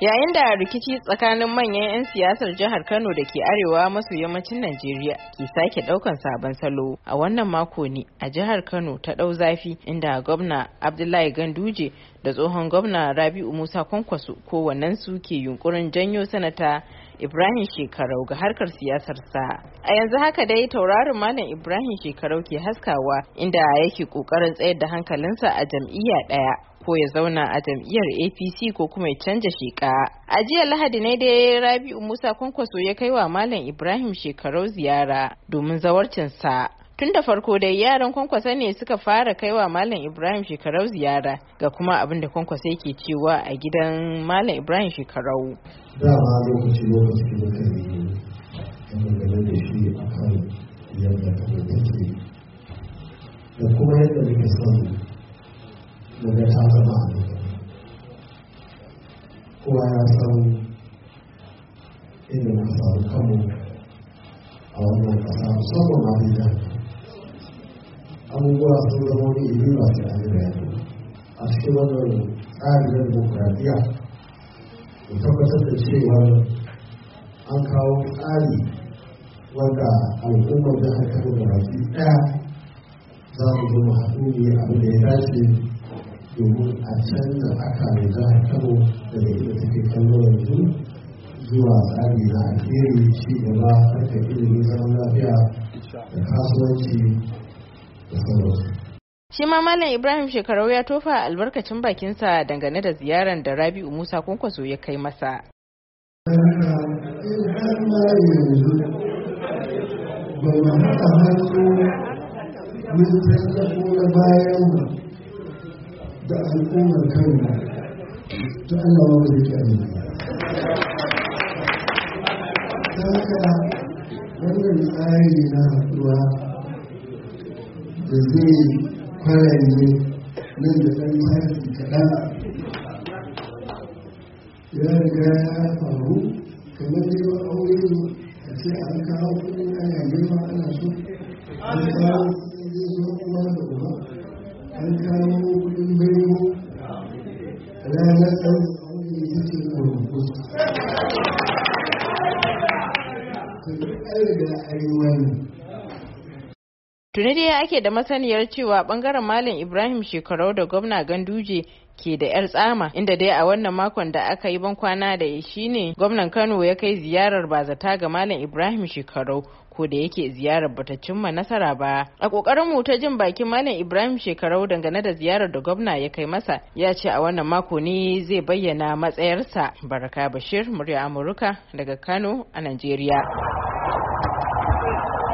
yayin da rikici tsakanin manyan 'yan siyasar jihar kano da ke arewa maso yammacin najeriya ke sake daukan sabon salo a wannan mako ne a jihar kano ta dau zafi inda gwamna abdullahi ganduje da tsohon gwamna rabi'u musa kwankwaso kowannen su ke yunkurin janyo sanata ibrahim shekarau ga harkar siyasarsa a yanzu haka dai taurarin malam ibrahim shekarau ke haskawa inda yake kokarin tsayar da hankalinsa a jam'iyya ɗaya. ko ya zauna a jam'iyyar apc ko kuma ya canja sheka a jiya lahadi ne dai rabi'u musa kwankwaso ya kai wa malam ibrahim shekarau ziyara domin zawarcinsa tun da farko dai yaran kwankwasa ne suka fara kai wa malam ibrahim shekarau ziyara ga kuma abin da kwankwasa yake cewa a gidan malam ibrahim shekarau dama lokaci lokaci da da shi yadda da ke da kuma yadda Tuhan kuasa ini masa kamu awalnya masa semua mari kamu kuasa kamu ini ini masih ada berani asli wannan ada demokradiyya ku dia? da cewa an kawo tsari wanda al'ummar da aka kama baki ɗaya za mu zo mu haɗu ne da ya dace domin a canza aka riga, kano daga inda take kallo yanzu zuwa tsari na alheri ci gaba harkar ilimin zaman lafiya da kasuwanci da sauransu. Shi ma Malam Ibrahim Shekarau ya tofa albarkacin bakinsa dangane da ziyarar da Rabi'u Musa Kwankwaso ya kai masa. Eh, ba mu haɗa hannu mun tattabo da bayan da al'ummar kanmu ta Allah wanda yake amina ta haka wannan tsari na haɗuwa da zai kwararre nan da ɗan tafi kaɗan ya riga ya faru kamar dai ba aure ne a ce an kawo kuɗin ana girma ana so an ɗauki ake da masaniyar cewa bangaren Malam Ibrahim Shekarau da gwamna Ganduje ke da 'yar tsama inda dai a wannan makon da aka yi bankwana da shine gwamnan Kano ya kai ziyarar ba zata ga Malam Ibrahim Shekarau ko da yake ziyarar bata cimma nasara ba a kokarin mu ta jin bakin malam ibrahim shekarau dangane da ziyarar da gwamna ya kai masa ya ce a wannan mako ne zai bayyana matsayarsa baraka bashir murya amurka daga kano a nigeria.